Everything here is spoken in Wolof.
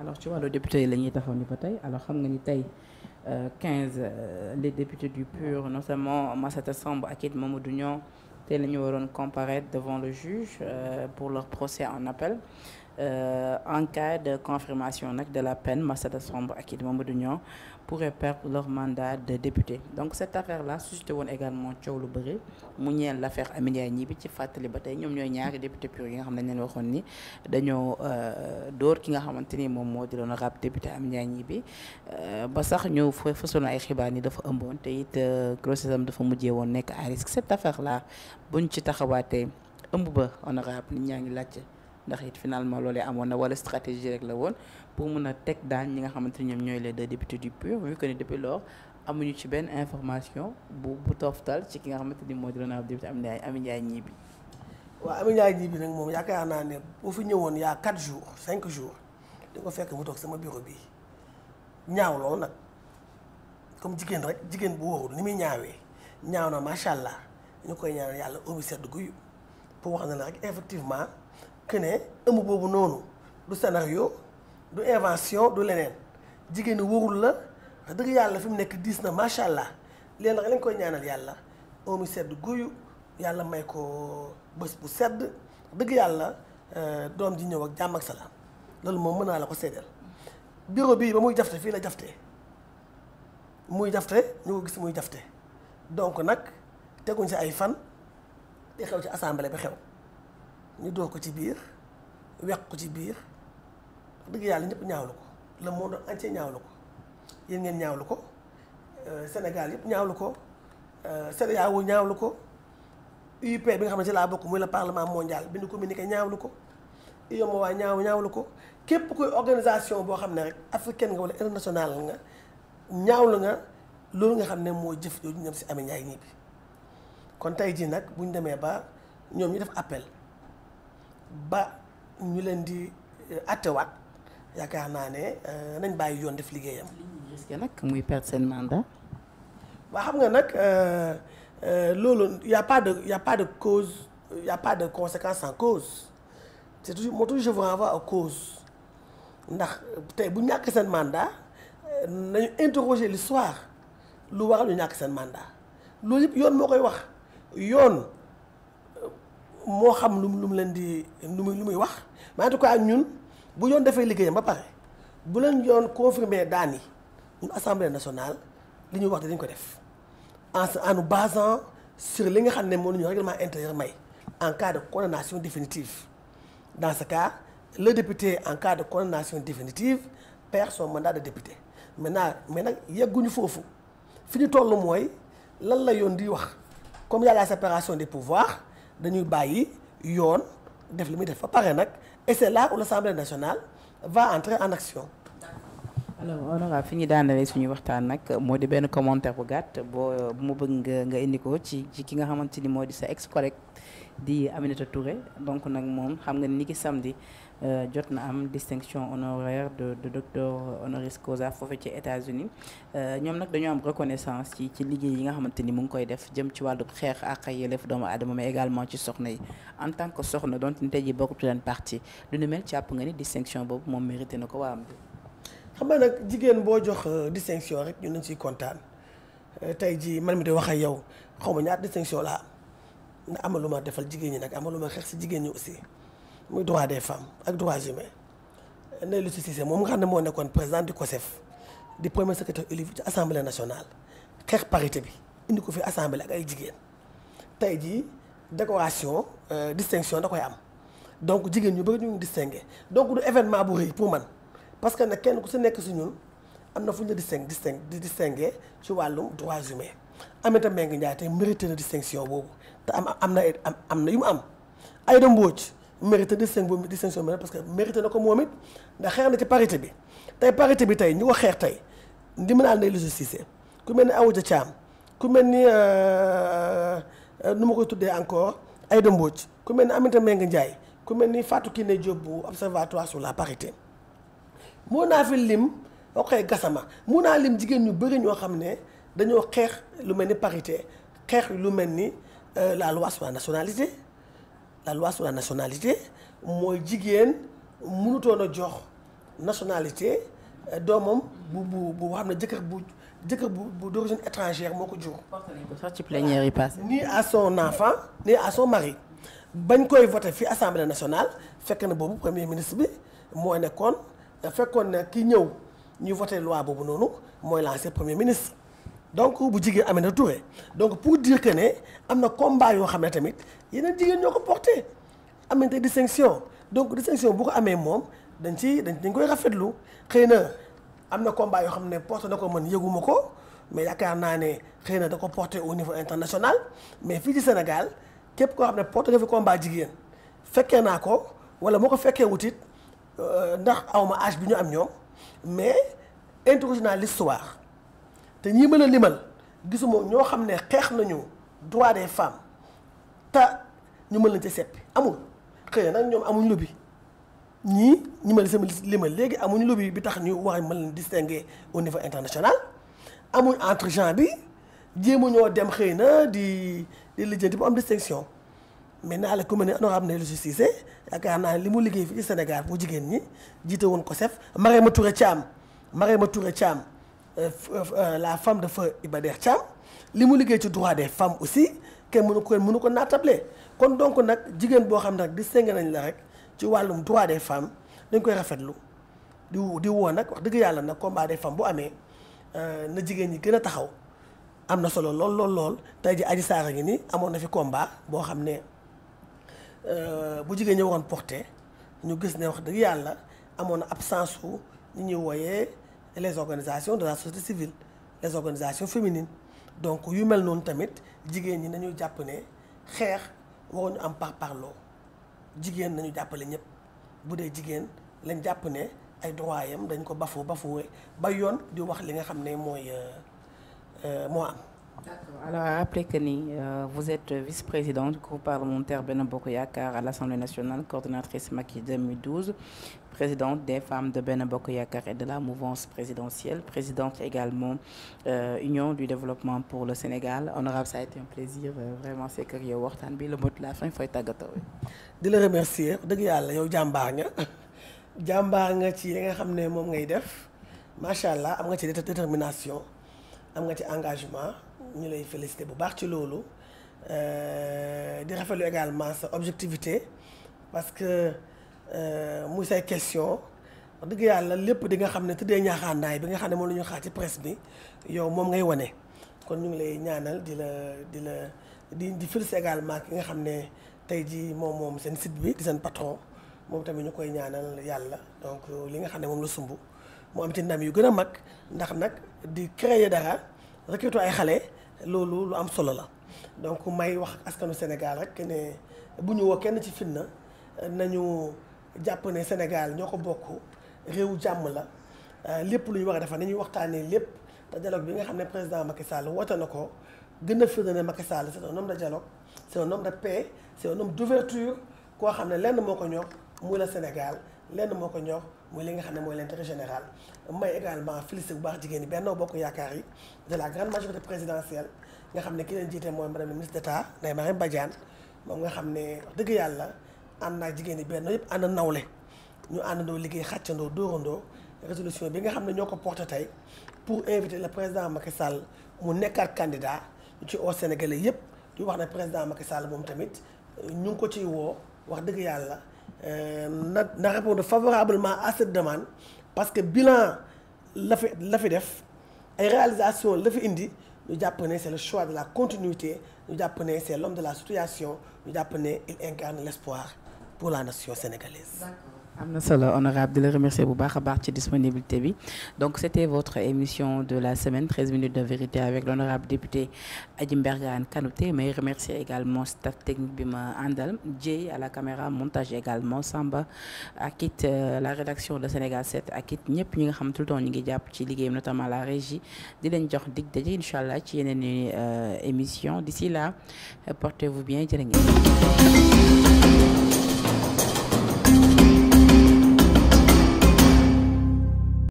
alors ci wàllu député yi la ñuy taxaw ni ba tey alors xam nga ni tey euh, quinze euh, les députés du PUR notamment Massata Samb ak it Mamadou Niang tey la ñu waroon comparaître devant le juge euh, pour leur procès en appel Euh, en cas de confirmation nag de la peine Massata Samb ak it Mamadou Niang pourraient perdre leur mandat de député donc cette affaire là suscité woon également coow lu bëri mu ñeel l'affaire Amy Ndiaye Gniby ci fàttali ba tey ñoom ñooy ñaari député pur yi nga xam ne leen waxoon ni dañoo euh, dóor ki nga xamante ni moom moo di l'honorable député Amy Ndiaye Gniby ba sax ñu fësoon ay xibaar ni dafa ëmboon te it euh, grossesse am dafa mujjee woon nekk à risque cette affaire là buñ ci taxawaatee ëmb ba honorable ñaa ngi laajte ndax it finalement loolee amoon na wala stratégie rek la woon pour mun a teg daan ñi nga xamante ni ñoom ñooy les deux députés du PUR vu que ni depuis lors amuñu ci benn information bu bu tooftal ci ki nga xamante ni moo di honorable député am na Amy waaw Amy Ndiaye Gniby nag moom yaakaar naa ne boo fi ñëwoon yaa 4 jours 5 jours di fekk mu toog sama bureau bi ñaaw loolu nag comme jigéen rek jigéen bu wóorul ni muy ñaawee ñaaw na macha ñu koy ñaanal yàlla omi sedd guyu pour wax na la rek que ne ëmb boobu noonu du scénario du invention du leneen jigéen ñi warul la dëgg yàlla fi mu nekk diis na macha allah léegi nag lañ koy ñaanal yàlla omi sedd guyu yàlla may ko bés bu sedd dëgg yàlla euh, doom ji ñëw ak jàmm ak salaam loolu moom mën naa la ko seddeel bureau bii ba muy jafte fii la jafte muy jafte ñu ko gis muy jafte donc nag teguñ si ay fan di xew ci assemblée bi xew. ñu doo ko ci biir weq ko ci biir wax yàlla ñépp ñaawlu ko le monde entier ñaawlu ko yéen ngeen ñaawlu ko euh, Sénégal yëpp ñaawlu ko euh, CEDEAO ñaawlu ko up bi nga xam ne ci laa bokk muy la parlement mondial bi ñu communiqué ñaawlu ko UEMOA ñaaw ñaawlu ko képp kuy organisation boo xam ne rek africaine nga wala internationale nga ñaawlu nga loolu nga xam ne moo jëf yooyu ñu si Amy Ndiaye ñibbi kon tey jii nag buñ demee ba ñoom ñu def appel ba ñu leen di eh, attewaat yaakaar naa ne eh, nañ bàyyi yoon def liggéeyam. risque nag muy perdre seen mandat. waa xam nga nag eh, loolu y' a pas de y' a pas de cause y' a pas de conséquence sans cause moo toujours je vous renvoie aux causes ndax tey bu ñàkk seen mandat nañu interroger l'histoire lu waral ñu ñàkk seen mandat loolu yëpp yoon moo koy wax yoon. moo xam lu mu lu mu leen di lu muy lu muy wax mais en tout cas ñun bu yoon defee liggéeyam ba pare bu leen yoon confirmer daan yi ñun assemblée nationale li ñuy wax dinañ ko def en se en nous basant sur li nga xam ne moom la ñu règlement intérieur may en cas de condamnation définitive dans ce cas le député en cas de condamnation définitive perd son mandat de député maintenant mais nag yegguñu foofu fi ñu toll mooy lan la yoon di wax comme yàlla a la séparation des pouvoirs. dañuy bàyyi yoon def li muy def ba pare nag et c'est là où l'Assemblée nationale va entre en action alors honorable fi ñu daanalee suñu waxtaan nag moo di benn commentaire bu gàtt boo bu ma bëgg nga nga indi ko ci ci ki nga xamante ni moo di sa ex collègue di Aminata Touré donc nag moom xam nga ni ki samedi euh, jot na am distinction honoraire de de docteur honoris causa foofu ci États-Unis euh, ñoom nag dañoo am reconnaissance ci ci liggéey yi nga xamante ni mu ngi koy def jëm ci wàllu xeex ak yelleef doomu aadama mais également ci soxna yi en tant que soxna donte tey jii bokkut leen parti lu nu mel jàpp nga ni distinction boobu moom mérité na ko waa am xam nga nag jigéen boo jox euh, distinction rek ñu nañ si kontaan euh, tey jii man mi di wax ak yow xaw ma ñaar distinction laa am na amaluma defal jigéen ñi nag amaluma xeex si jigéen ñi aussi muy droit des femmes ak droit humain Ndeye Lucie moom nga moo nekkoon président du COSEF di premier secrétaire élu ci assemblée nationale xeex parité bi indi ko fi assemblée ak ay jigéen tey jii décoration euh, distinction da koy am donc jigéen ñu bëri ñu ngi distingué donc du événement bu rëy pour man. parce que nag kenn ku si nekk si ñun am na fu ñu la distingue distingue di distinguer ci wàllum droits humains Aminata Mbengue Ndiaye tey mérité na distinction boobu te am am na am na yu mu am Aïda Mbodj mérité distinction distinction bi parce que mérité na ko moom it ndax xeex na ci parité bi tey parité bi tey ñu ko xeex tey ndimbalaal nay Louga Cissé ku mel ni Awja Thiam ku mel ni euh, euh, nu ma koy tuddee encore Aïda Mbodj ku mel ni Aminata Mbengue Ndiaye ku mel ni Fatou Kiné Diop bu observatoire sur la parité mun naa fi lim ok Gassama mun naa lim jigéen ñu bëri ñoo xam ne dañoo xeex lu mel ni parité xeex lu mel ni euh, la loi sur la nationalité nationalité mooy jigéen mënutoon a jox nationalité euh, doomam bu bu bu xam ne jëkkër bu jëkkër bu bu d'origine étrangère moo ko jur. sax ci plénière yi passé. ni à son enfant ni à son mari bañ koy voté fii assemblée nationale fekk na boobu premier ministre bi moo nekkoon. fekkoon na ki ñëw ñuy voté loi boobu noonu mooy lancé premier ministre donc bu jigéen Aminata Touré donc pour dire ne am na combat yoo xam ne tamit jigéen ñoo ko porté am nañ te distinction donc distinction bu ko amee moom dañ ci dañ dañ koy rafetlu xëy na am na combat yoo xam ne porté na ko man yëguma ko mais yaakaar naa ne xëy na da ko porté au niveau international mais fii ci Sénégal képp koo xam ne porté nga fi combat jigéen fekkee naa ko wala moo ko fekkee wutit Euh, ndax awma âge bi ñu am ñoom mais interrogé naa l'histoire te ñii mën a limal gisuma ñoo xam ne xeex nañu droit des femmes te ñu mën lañ ci seppi amul xëy nag ñoom amuñ lobby ñii ñi ma sama limal léegi amuñ lobby bi tax ñu wax mën leen distinguer au niveau international amuñ entre genre bi jéem ñoo dem xëy na di di lijjanti bu am distinction mais nag ku mel ne honorable Nelly Cissé yaakaar naa li mu liggéey fii ci jigéen ñi jiite woon ko COSEF Marème Touré Thiam Marème Touré Thiam euh, euh, euh, la femme de feu Iba Der li mu liggéey ci droit des femmes aussi kenn mënu ko mënu ko naatable kon donc nag jigéen boo xam ne rek distingué nañ la rek ci wàllum droit des femmes dañ koy rafetlu di di woo nag wax dëgg yàlla nag combat des femmes bu amee na jigéen ñi gën a taxaw am na solo lool lool lool tey ji Adji Sarr a ngi ni amoon na fi combat boo xam ne. Euh, bu jigéen ñi waxoon porté ñu gis ne wax dëgg yàlla amoon na absence su ñu ñuy wooyee les organisations de la société civile les organisations féminines donc yu mel noonu tamit jigéen ñi nañu jàpp ne xeex ñu am par parloo jigéen nañu jàppale ñëpp bu dee jigéen lañ jàpp ne ay droit yam dañ ko bafoo bafoo ba yoon di wax li nga xam ne mooy euh, euh, moo am D'accord. Alors, que ni euh, vous êtes vice-présidente du groupe parlementaire Benno Bokk Yakaar à l'Assemblée nationale, coordinatrice Macky 2012, présidente des femmes de Benno Bokk Yakaar et de la mouvance présidentielle, présidente également euh, Union du développement pour le Sénégal. Honorable, ça a été un plaisir euh, vraiment c'est que waxtaan bi la mot de la fin fooy tàggatoo. di la remercier dëgg yàlla yow jàmbaar nga jàmbaar nga ci li nga xam ne moom ngay def macha allah am nga ci détermination am nga ci engagement. ñu lay félicité bu baax ci loolu euh, di rafetlu également sa objectivité parce que euh, muy say question wax dëgg yàlla lépp di nga xam ne tëddee ñaaxaandaay bi nga xam ne moom la ñu xaar ci presse bi yow moom ngay wane kon ñu ngi lay ñaanal di la di la di di félicité ki nga xam ne tey jii moom moom seen site bi seen patron moom tamit ñu koy ñaanal yàlla donc euh, li nga xam ne moom la sumb mu am ci ndam yu gën a mag ndax nag di créer dara recruter ay xale loolu lu am solo la donc may wax askanu Sénégal rek ne bu ñu woo kenn ci fitna nañu jàpp ne Sénégal ñoo ko bokk réew jàmm la lépp lu ñu war a defar nañuy waxtaanee lépp te dialogue bi nga xam ne président Macky Sall woote na ko gën a firnde ne Macky Sall c'est de dialogue c'est un homme de paix c'est un d'ouverture koo xam ne lenn moo ko ñor muy la Sénégal lenn moo ko ñor. muy li nga xam ne mooy l'intérêt général may également félicité bu baax jigéen ñi Benno Bokk Yaakaar yi de la nga xam ne ki leen mooy madame la ministre d'État Ndeye Marième nga xam ne dëgg yàlla ànd jigéen ñi Benno yëpp ànd nawle ñu àndandoo liggéey xàccandoo dóorandoo résolution bi nga xam ne ñoo ko porté tey pour inviter le président Macky Sall mu nekkaat candidat ñu ci au Sénégalais yëpp di wax na président Macky Sall moom tamit ñu ngi ko ci woo wax dëgg yàlla Euh, na na répondre favorablement à cette demande parce que bilan la fi la fi def ay réalisation la fi indi ñu jàpp ne c'est le choix de la continuité ñu jàpp ne c'est l'homme de la situation ñu jàpp ne il incarne l'espoir pour la nation sénégalaise. D'accord. am na solo honorable di la remercier bu baax a baax ci disponibilité bi donc c'était votre émission de la semaine 13 minutes de vérité avec l'honorable député Adji Mbergane Kanouté may remercier également staff technique bi ma àndal Dieye à la caméra montage également Samba ak it euh, la rédaction de Sénégal 7 ak it ñëpp ñi nga xam tout le temps ñu ngi jàpp ci liggéeyam notamment la régie di leen jox dig daje incha allah ci yeneen euh, émission d'ici là euh, portez-vous bien jërë